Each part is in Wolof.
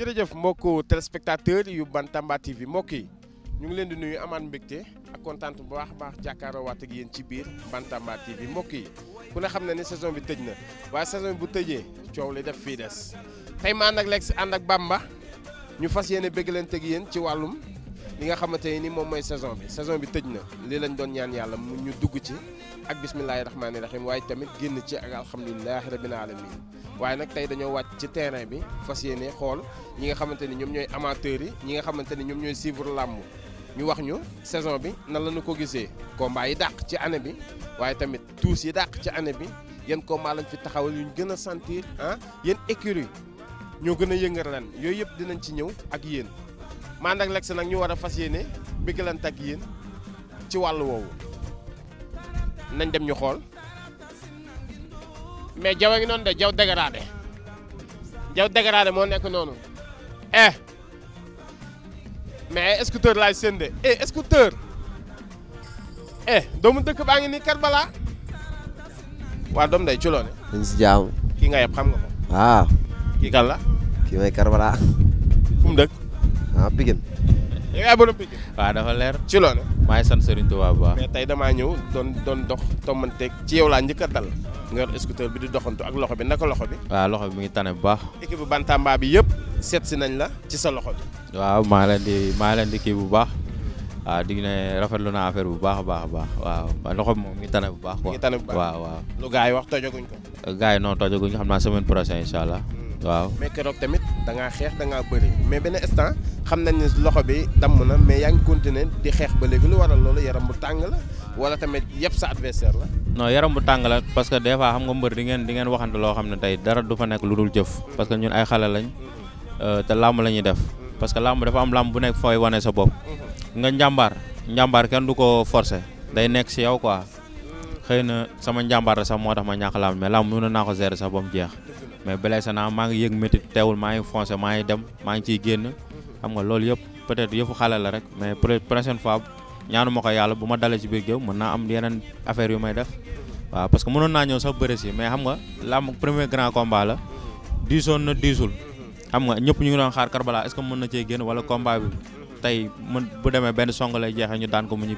jërëjëf mbokku téléspectateur yu Bantamba TV mbokk yi ñu ngi leen di nuyu amaat mbégte ak kontaan bu baax a baax jàkkaaroo waat ak yéen ci biir Bantamba TV mbokk yi ku ne xam na ne saison bi tëj na waaye saison bu tëjee coow li def fii des tey ma ànd ak leeg si ànd ak Bamba ñu fas yéene bëgg leen teg yéen ci wàllum li nga xamante ni moom mooy saison bi saison bi tëj na lii lañ doon ñaan yàlla mu ñu dugg ci ak bismillahi rahmaani rahim waaye tamit génn ci ak alhamdulilahi rabbil alamin waaye nag tey dañoo wàcc ci terrain bi fas yéene xool ñi nga xamante ni ñoom ñooy amateurs yi ñi nga xamante ni ñoom ñooy suivre làmb ñu wax ñu saison bi nan la ñu ko gisee combat yi dàq ci année bi waaye tamit tuus yi dàq ci année bi yan combat lañ fi taxawal yuñ gën a sentir ah yéen écurie ñoo gën a yëngal lan yooyu yëpp dinañ ci ñëw ak yéen man ak Lex nag ñu war a fas yéene bëggalante ak yéen ci wàll woowu nañ dem ñu xool mais jaw a ngi noonu de jaw dégradé jaw dégradé moo nekk noonu eh mais scooter laay seen de eh scooter eh doomu dëkk baa ngi nii Karbala waa doom day ci loone dañ si jaamu. kii nga yeb xam nga ko. waaw. kii kan la. kii may Karbala. fu dëkk. ah Pikine. yow dafa leer. ci loolu. maa ngi sant Serigne Touba bu baax. mais tey damaa ñëw doon doon dox tombanteeg ci yow laa njëkka a dal. nga yor scooter bi di doxantu ak loxo bi naka loxo bi. waaw loxo bi mu ngi tane bu baax. équipe Bantamba bi yëpp seet si nañ la ci sa loxo waaw maa leen di maa leen di kii bu baax. waaw di ne rafetlu naa affaire bu baax a baax baax waaw loxo bi moom mi ngi tane bu baax. mi tane bu baax waaw waaw. lu gars yi wax tojaguñ ko. gars yi non tojaguñ ko xam naa semaine prochaine incha allah. Hmm. waaw da ngaa xeex da ngaa bëri mais benn instant xam na ne loxo bi damm na mais yaa ngi continuer di xeex ba léegi lu waral loolu yaram bu tàng la wala tamit yëpp sa adversaire la. no yaram bu tàng la parce que des fois xam nga mbër di ngeen di ngeen waxante loo xam ne tey dara du fa nekk lu dul jëf parce que ñun ay xale lañ euh, te làmb la ñuy def parce que làmb dafa am làmb bu nekk fooy wane sa bopp nga njàmbaar njàmbaar kenn du ko forcer day nekk si yow quoi xëy na sama njàmbaar la sax moo tax ma ñàkk làmb mais làmb mën jeex. mais blessé naa maa ngi yëg métit teewul maa ngi foncé maa ngi dem maa ngi ciy génn xam nga loolu yëpp peut yëfu xale la rek mais prochaine fois ñaanu ma ko yàlla bu ma dalee ci biir géew mën naa am yeneen affaire yu may def waaw parce que mënoon naa ñëw sax bëre si mais xam nga lam premier grand combat la diisoon na diisul xam nga ñëpp ñu ngi doon xaar Karbala est-ce mën na cee génn wala combat bi tey mën bu demee benn song lay jeexee ñu daan ko mu ñu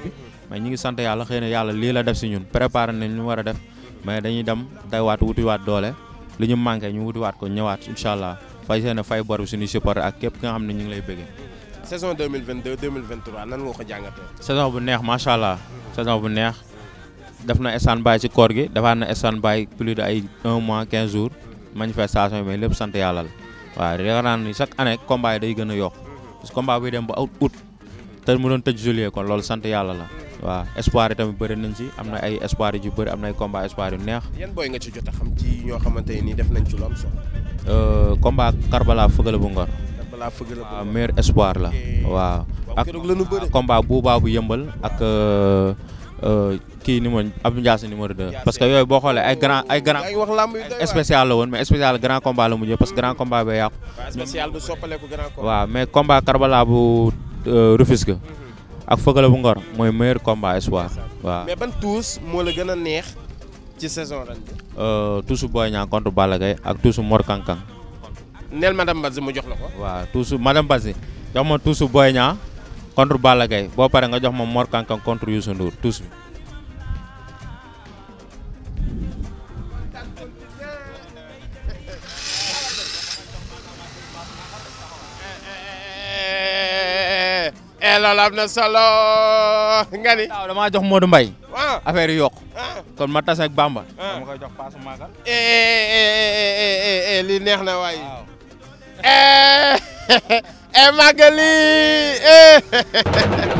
ngi sant yàlla xëy na yàlla lii la def si ñun préparé nañ ñu war a def mais dañuy dem tey waat wutiwaat doole lu ñu manqué ñu wutiwaat ko ñëwaat incha allah fay seen fay bor bi suñuy support ak képp nga xam ne ñu ngi lay bëggee. saison 2022 2023 nan nga ko jàngatee. saison bu neex macha allah. saison bu neex def na stand by ci koor gi defaat na stand by plus de ay 1 mois 15 jours manifestation yi mais lépp sant yàlla la waaw yaakaar naa ni chaque année combat day gën a yokk parce que buy dem ba août août te mu doon tëj juillet kon loolu sant yàlla la. waaw espoir yi tamit bëri nañ ci am na ay espoir yu bëri am na ay combat espoir yu neex. yan booy nga ci jot a xam ci ñoo xamante ni def nañ ci lu am solo. Euh, combat Karbala Fëgala bu Ngor. Karbala Fëgala bu Ngor waaw espoir la. waaw ak combat Bouba bu yëmbal ak. Euh, euh, kii ni ma Abdou Ndiassé numéro 2 parce que yooyu boo xoolee ay grand ay grand spécial la woon mais spécial grand combat la mujjee parce que grand combat bee yàqu. waaw mais combat Karbala bu Rufisque. Mhm. ak Feugeleu bu Ngor mooy meilleur combat espoir waaw. mais ban tuus moo la gën a neex ci saison ren bi. Euh, tuusu Boy Niang contre Balla ak tuusu Mor Kankang. neel madame Badji mu jox la ko. waa tuusu madame Badji jox ma tuusu Boy Niang contre Balla boo pare nga jox ma Mor Kankang contre Youssou Ndour tuus loolu am na solo nga ni. waaw damaa jox Modou Mbaye. Ah. affaire yi yokku. Ah. kon ma tase ak Bamba. Ah. dama koy jox paasu maagal. Eh, eh, eh, li neex na waay. waaw. Magali.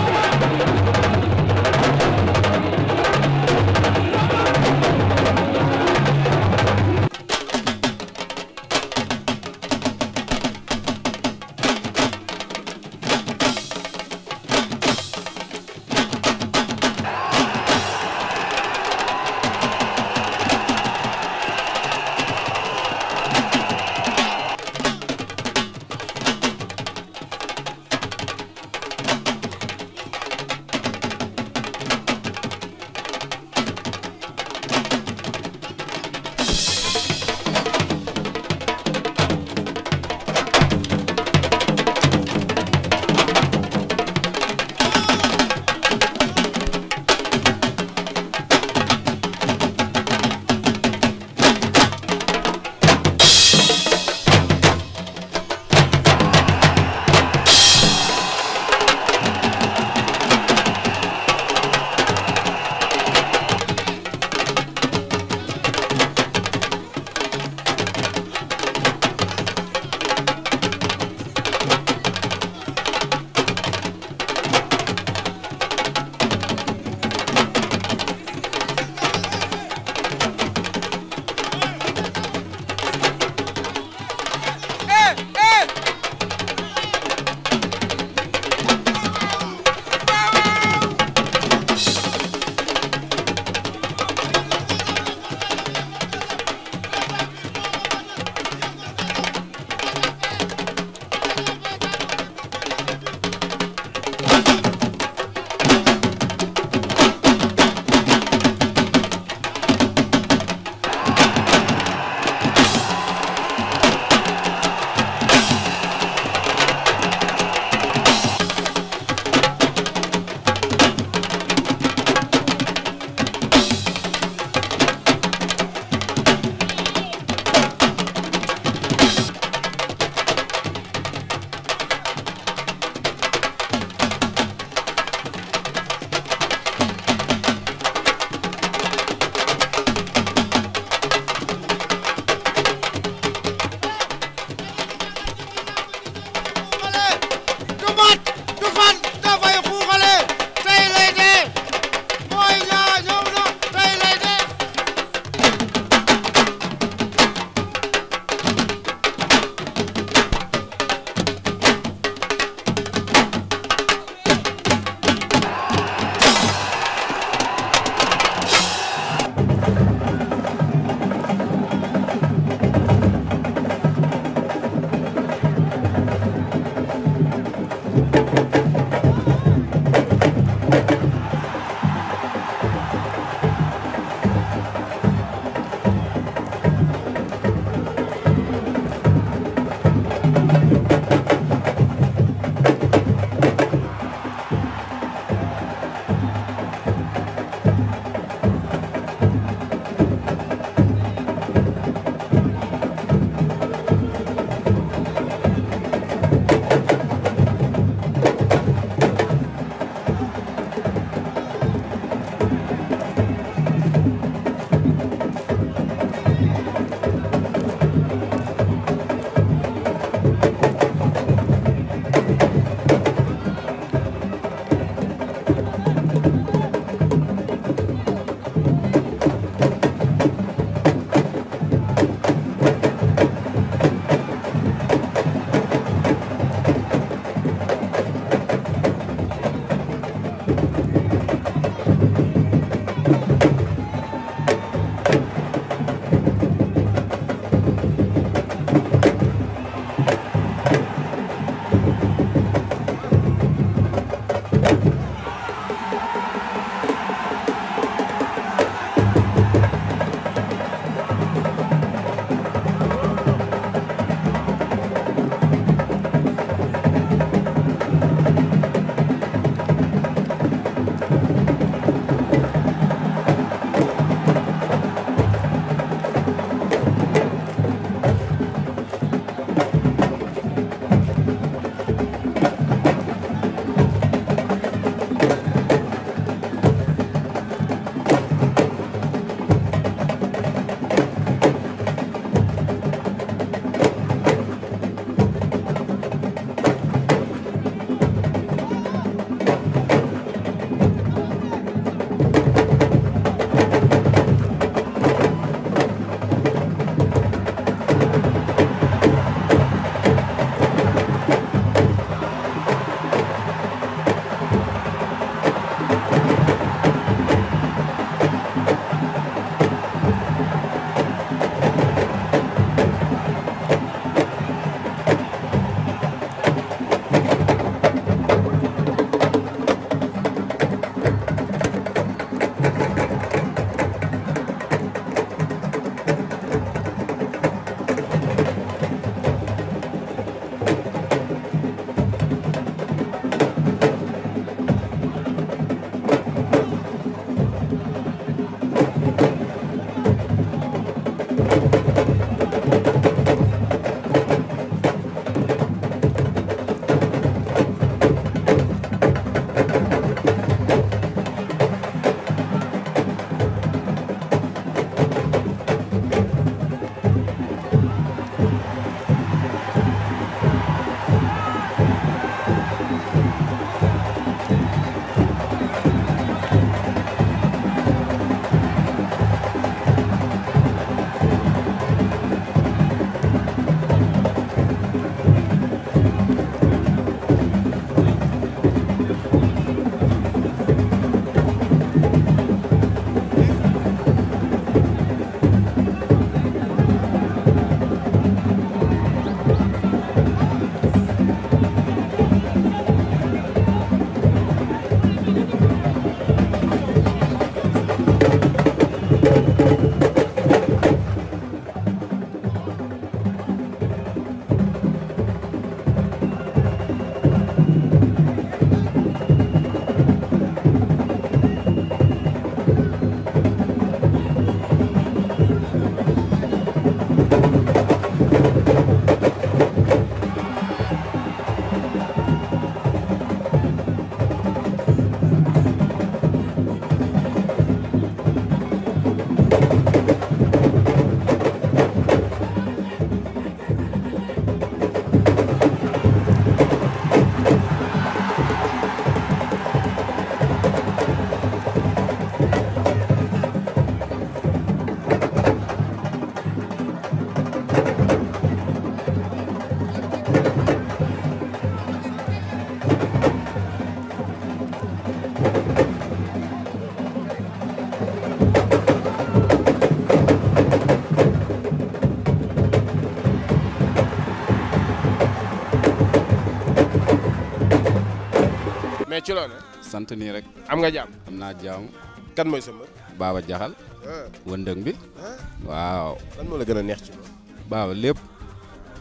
mais ci loone sant nii rek. am nga jàmm. am naa jàmm. kan mooy sa mbër. Baba Jaxal. Ah. wëndëng bi. Ah. waaw. lan la gën a neex ci loolu. lépp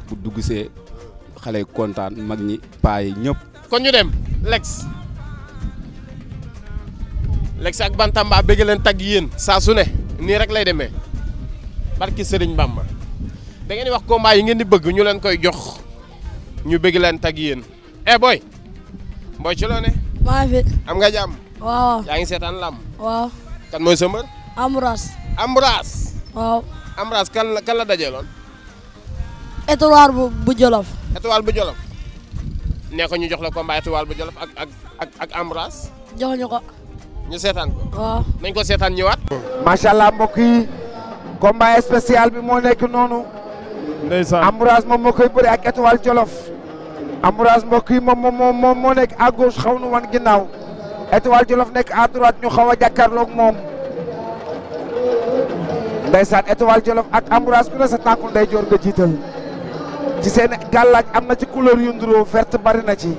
bu dugg see xale yi kontaan mag ñi paay yi ñëpp. kon ñu dem Lex. Lex ak Bantamba bëgg leen tag yéen saa su ne nii rek lay demee barki Sëriñ Bamba da ngeen di wax combat yi ngeen di bëgg ñu leen koy jox ñu bëgg leen tagg yéen eh boy boy ci loo ne maa fi. am nga jàmm. waaw. yaa ngi seetaan lamb. waaw. kan mooy sa Ambras. Ambras. kan la kan la dajeeloon. étoile bu bu Jolof. étoile bu Jolof. ne ñu jox la combat bu Jolof ak ak ak ak Ambras. jox ñu ko. ñu seetaan ko. waaw nañ ko seetaan ñëwaat. macha allah mbokk yi combat spécial bi moo nekk noonu. ndeysaan Ambras moom moo koy bëri ak étoile Jolof. Amourage mbokk yi moom moom moom moo nekk à gauche xaw nu wan ginnaaw Étoile Jolof nekk à droite ñu xaw a jàkkaarloog moom ndeysaan Étoile Jolof ak Amourage ku ne sa tànku ndeyjoor nga jiital ci seen gàllaaj am na ci couleur yu nduroo verte bari na ci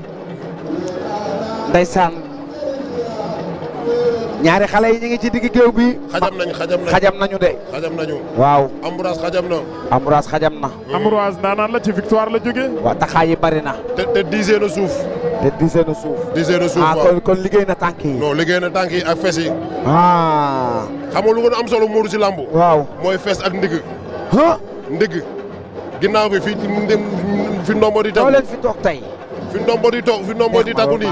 ndeysaan ñaari xale yi ñu ngi ci digg géew bi. xajam nañu xajam nañu xajam nañu de. xajam nañu waaw. Ambroise xajam na. Ambroise xajam na. Hmm. Ambroise naanaan la ci victoire la jógee. waaw taxaay yi bari na. te diisee na suuf. te diisee na suuf. diisee ah, kon liggéey na tànk yi. liggéey na tànk ak fes yi. ah. xam nga lu am solo muuru ci làmb. waaw mooy fes ak ndig. ah ndig. ginnaaw bi fii fi ndombo di. tegu doo leen fi toog tey. fi ndombo di toog fi ndombo di tegu nii.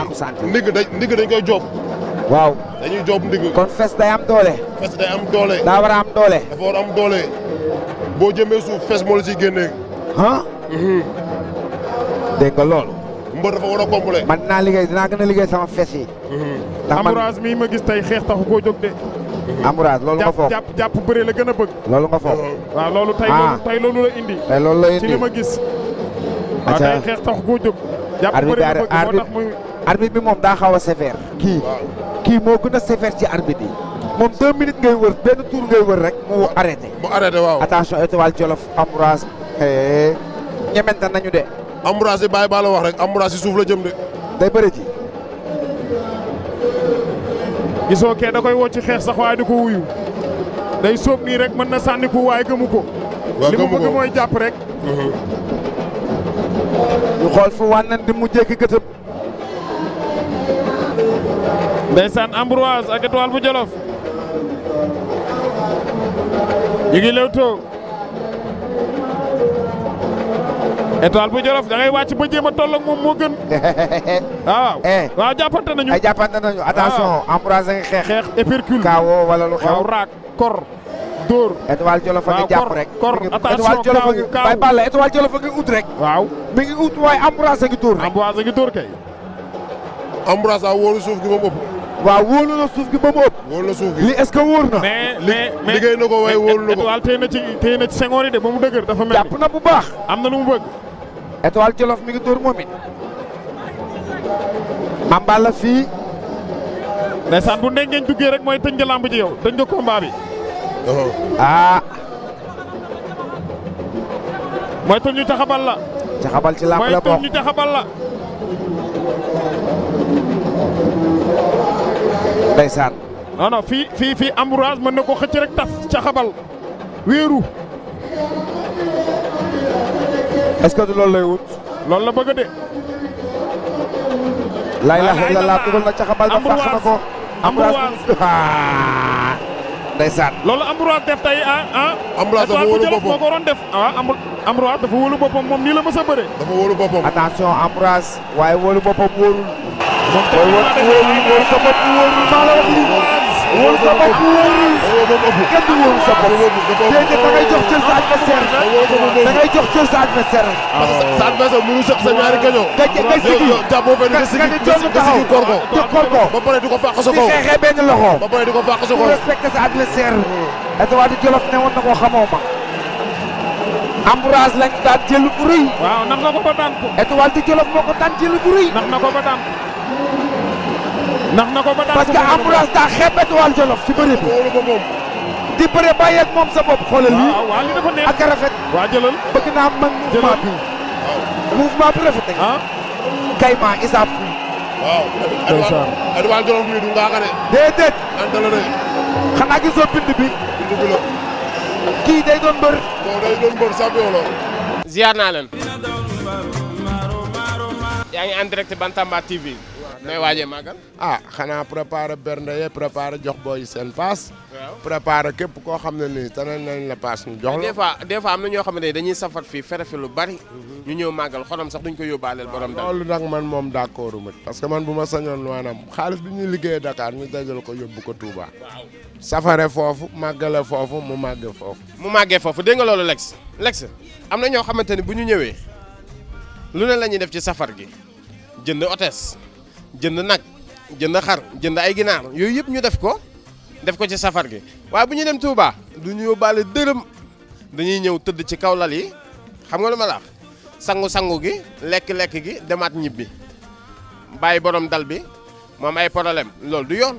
ndig dañ ndig dañ koy jóob. waaw dañuy joob ndigg kon fes day am doole fes doole daa war a am doole boo jëmee suuf fes moo la siy génnee ah dégg nga loolu mbër dafa war a complet man liggéey dinaa gën a liggéey sama fes yi ndax ma gis tey xeex taxu koo jóg de amourage loolu nga foog jàpp jàpp bëre la gën a bëgg loolu nga foog waaw ah. loolu tey loolu la indi tey loolu la indi ci li ma gis waaw tey xeex taxu koo jóg bëre la bëgg moo tax muy arbitre bi moom daa xaw a sévère. kii kii moo gën a sévère ci arbitre yi. moom deux minutes ngay wër benn tour ngay wër rek mu arrêté. mu arrêté waaw attention étoile Jolof Ambroise. ñemente nañu de. Ambroise yi bàyyi baa la wax rek Ambroise suuf la jëm de. day bëri ci. gisoo kee da koy woo ci xeex sax waaye di ko wuyu. day sóob nii rek mën na sànni ku waaye gëmu ko. li mu bëgg mooy jàpp rek. Uh-huh. ñu xool fu wànnan di mu jékki gëtëm. ndeysaan Ambroise ak étoile bu Jolof ñu ngi lewtoo étoile bu Jolof da ngay wàcc ba jéem a toll moom moo ah, waaw eh. waaw jàppante ay eh, jàppante nañu attention Ambroise xeex. xeex épercule kaawoo lu xew waaw kor. dóor étoile Jolof a ngi jàpp rek kor attention kaaw bay bàll étoile Jolof a ngi ut rek. waaw mi ngi ut waaye Ambroise a ngi dóor kay. Ambroise a wóoru suuf gi moom ëpp. waaw wóolu na suuf gi ba mu ëpp. li est-ce que wóor na. mais mais mais liggéey na ko waaye wóolu na ko. étoile téye na dafa mel. jàpp na bu baax. am na lu mu bëgg. étoile Jolof mi ngi dóor moom it. Mamballa fii. ndeysaan bu ndengeñ duggee rek mooy tëj nga lamb ji yow tëj nga combat bi. Oh. ah. mooy tëj ñu la. taxabal ci lamb la bokk mooy tëj ñu la. ndeysaan non non fii fii fii Ambroise mën na ko xëcc tas ca xabal wéeru est-ce que du loolu lay wut loolu la bëgg de laa ilaaha illallaah na ca xabal ba fàq na ko Ambroise ndeysaan loolu Ambroise def tay ah ah Ambroise dafa ah, dafa wóolu boppam moom nii la mës dafa wóolu boppam attention Ambroise waaye wóolu boppam wóorul wóor wóor sa bopp wóor maa la wax lii wóor sa bopp wóor kenn du wóor sa bopp déedéet da ngay jox cër sa adversaire da ngay jox cër sa adversaire. sa adversaire mënu sëq sa ñaari gañoo. nga nga sigi nga sigi nga sigi koor ko. ba pare di ko fàq sa kaw di xeexee benn loxo. ba pare di ko fàq sa kaw. respecté sa adversaire. et waa di Jolof ne woon na ko xamoo ma. Ambroise lañ daan jël bu rëy. waaw nax na ko ba daan ko. et waa di Jolof moo ko daan jël bu rëy. nax na ko ba daan ko. ndax na ko ba daan parce que ambulance daa jolof ci bëri bi. di bëre bàyyi ak moom sa bopp. xoolal lii ak rafet. waa jëlal bëgg naa man mouvement bi. mouvement bi rafet nañu. Ah. kayma isaab. waaw. ndeysaan Edouard Jolof mi du ngaa ka déedéet. xanaa gisoo bind bi. kii day doon mbër. bon day doon mbër champion la. ziar yaa ngi en direct Bantamba TV. nooy waajee ah, xanaa préparer bernde yee jox booy seen paas. waaw képp koo xam ne nii tane nañ la paas ñu jox la. am na ñoo xam ne dañuy safat fii fere fi lu bari. Mhm. ñu ñëw màggal xonam sax duñ ko yóbbaaleel borom dara. loolu nag man moom d'accord ma parce que man bu ma sañoon maanaam xaalis bi ñuy liggéeyee Dakar ñu dajal ko yóbbu ko Touba. waaw foofu màggale foofu mu màggee foofu. mu màggee foofu dégg nga loolu Lex Lex am na ñoo xamante ne bu ñu ñëwee lu ne la ñuy def ci safar gi jënd otees jënd nag jënd xar jënd ay ginaar yooyu yëpp ñu def ko def ko ci safar gi waaye bu ñu dem Touba du ñu yóbbaale dërëm dañuy ñëw tëdd ci kaw lal yi xam nga lu ma la sangu-sangu gi lekk-lekk gi demaat ñibbi bàyyi borom dal bi moom ay problème loolu du yoon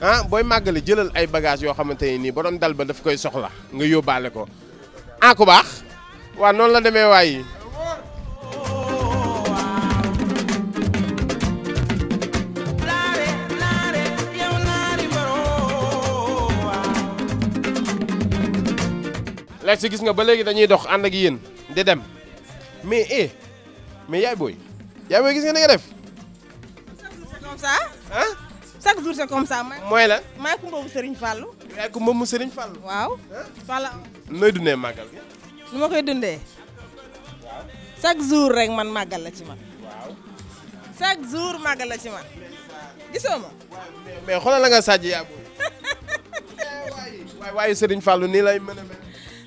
ah booy màggale jëlal ay bagages yoo xamante ni nii borom dal ba daf koy soxla nga yóbbaale ko ah ku baax waaw noonu la demee waay eg si gis nga ba léegi dañuy dox ànd ak yéen di dem mais eh mais yaay booy yaay mooy la maay kumba mu Serigne Fallou. yaay nooy dundee màggal nu ma koy dundee. chaque jour rek man màggal la ci man. waaw chaque jour màggal la gisoo ma. mais xoolal la nga sàjj yaa waaye waaye Serigne nii lay mën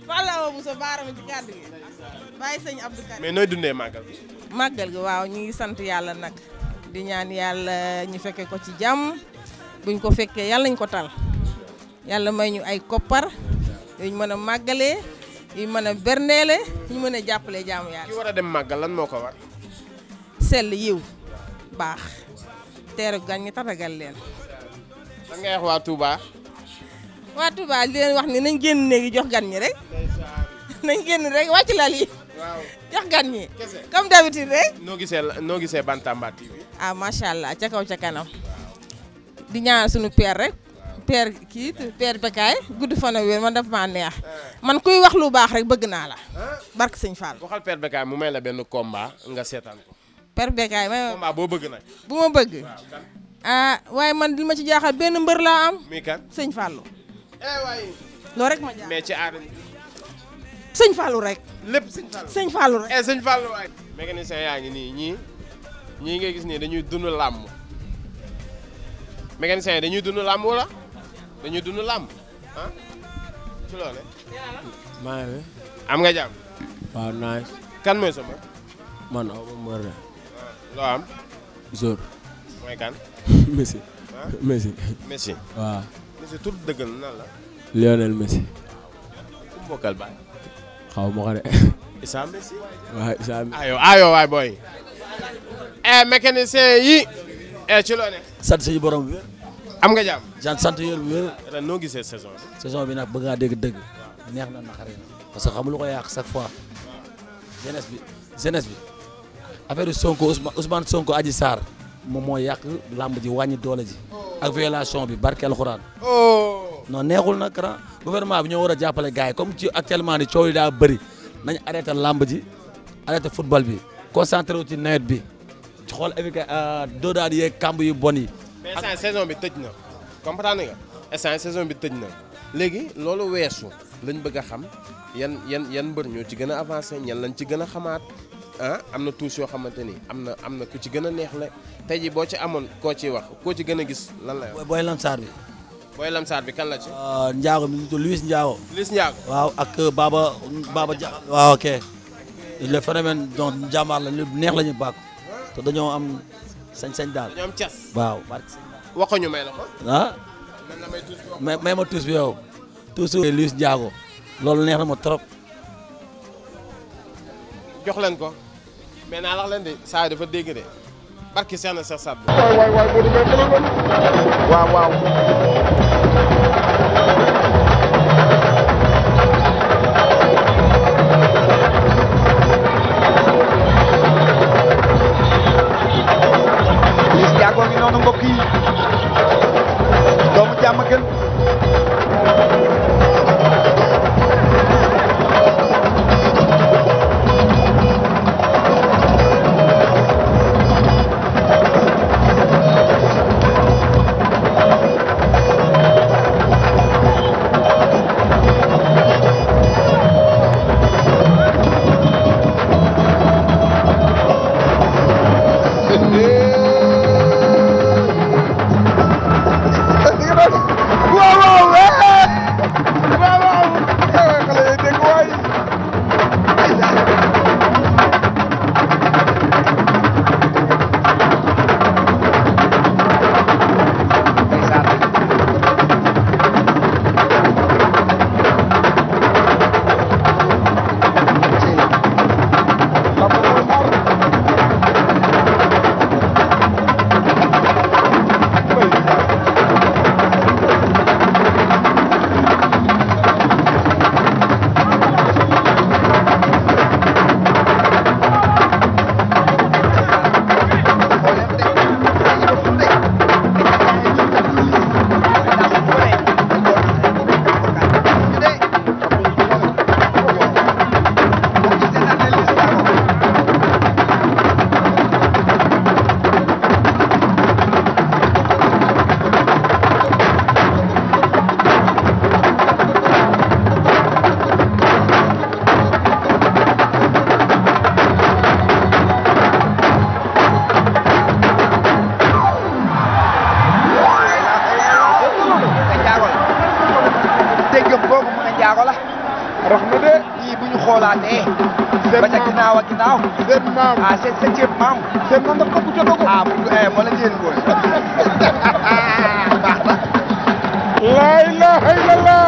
Falla Awa Bousso baarama ci kàddu gi bàyyi mais nooy dundee màggal màggal gi waaw ñu ngi sant yàlla nag di ñaan yàlla ñu fekke ko ci jàmm buñ ko fekkee yàlla ñu ko tal yàlla may ñu ay koppar yuñ mën a màggalee yuñ mën a berndeele ñu mën a jàppale jaamu yàlla ki war a dem màggal lan moo ko war sell yiw baax teeru gan ñi tatagal leen lan ngay wax waa Touba waa Touba di leen wax ne nañ génn néegi jox gan ñi rek nañ génn rek wàcc lal yi jox gan ñi comme d'habitude rek noo gisee noo gisee Bantamba ah, macha allah ca kaw ca kanam di ñaanal suñu père rek père kii père Bakaay gudd fan ak wér man daf maa neex eh. man kuy wax lu baax rek bëgg naa la eh? barke sëñ Fall waxal père Bakaay mu may la benn combat nga seetaan ko père Bakaay may boo bëgg nag bu ma bëgg ah, waaye man li ma ci jaaxal benn mbër laa am mi kan sëñ Fallou eh waay. rek ma jaar mais ci aar. sëñ Fallou rek. lépp sëñ Fallou sëñ Fallou rek. eh sëñ Fallou waay. mécanicien yaa ngi nii ñii ñii ngay gis nii dañuy dund làmb mécanicien yi dañuy dund làmb wala dañuy dund làmb ah ci loole maa ngi am nga jàmm. waaw naaj. kan mooy sama. man aw ma mër la. Ah, loo am. Zor. mooy kan. Ah? Messi. Messi. waaw. Messi tur dëggal nan la. Lionel Messi. xaw ma ko de. waay booy. Eh, mécanicien yi. Eh, ci loo sant si borom bi. am nga jàmm. jant sant yéen bu wér. noo gisee saison bi. saison bi nag bëgg naa dégg dëgg. neex na naqari na. parce que xam lu ko yàq chaque fois. jeunesse bi jeunesse bi. affaire Sonko Ousmane Sonko Adji Sarr moom moo yàq làmb ji wàññi doole ji. ak violation bi barke alxuraan. Oh. non neexul na grand gouvernement bi ñoo war a jàppale gars yi comme ci actuellement ni coow yi daa bëri nañ arrêté làmb ji arrêté football bi concentré wu ci nawet bi ci xool évica euh, doodaan yeeg kamb yu bon yi. mais saison bi tëj na comprendre nga saison bi tëj na léegi loolu weesu lañ bëgg a xam yan yan yan mbër ñoo ci gën a avancé ñan lañ ci gën a xamaat. Ah, am na tuus yoo xamante ni am na am na ku ci gën a neex la tey jii boo ci amoon koo ciy wax koo ci gën a gis lan la booy lamsaar bi booy lamsaar bi kan la ci ah, njaago mi ñu tudd Luis waaw ak euh, Baba Baba Jaxal waaw ok le phénomène donc jàmbaar la lu neex la ñu bàkk dañoo am sañ-sañ daal dañoo am cas waaw waxuñu may la ko ah may ma tuus bi yow Njaago loolu neex na ma trop jox ko mais naa wax leen de saa yi dafa dégg de barki Seex na Seex Saad Bou. waay waay waay waaw waaw. baatee. ba ca ginnaaw ak ginnaaw. seen maam ah seen seen ceeb maam. seen maam dafa ko jotoo ko. ah moo la jëriñ booy. baax na. la ilaha illallah.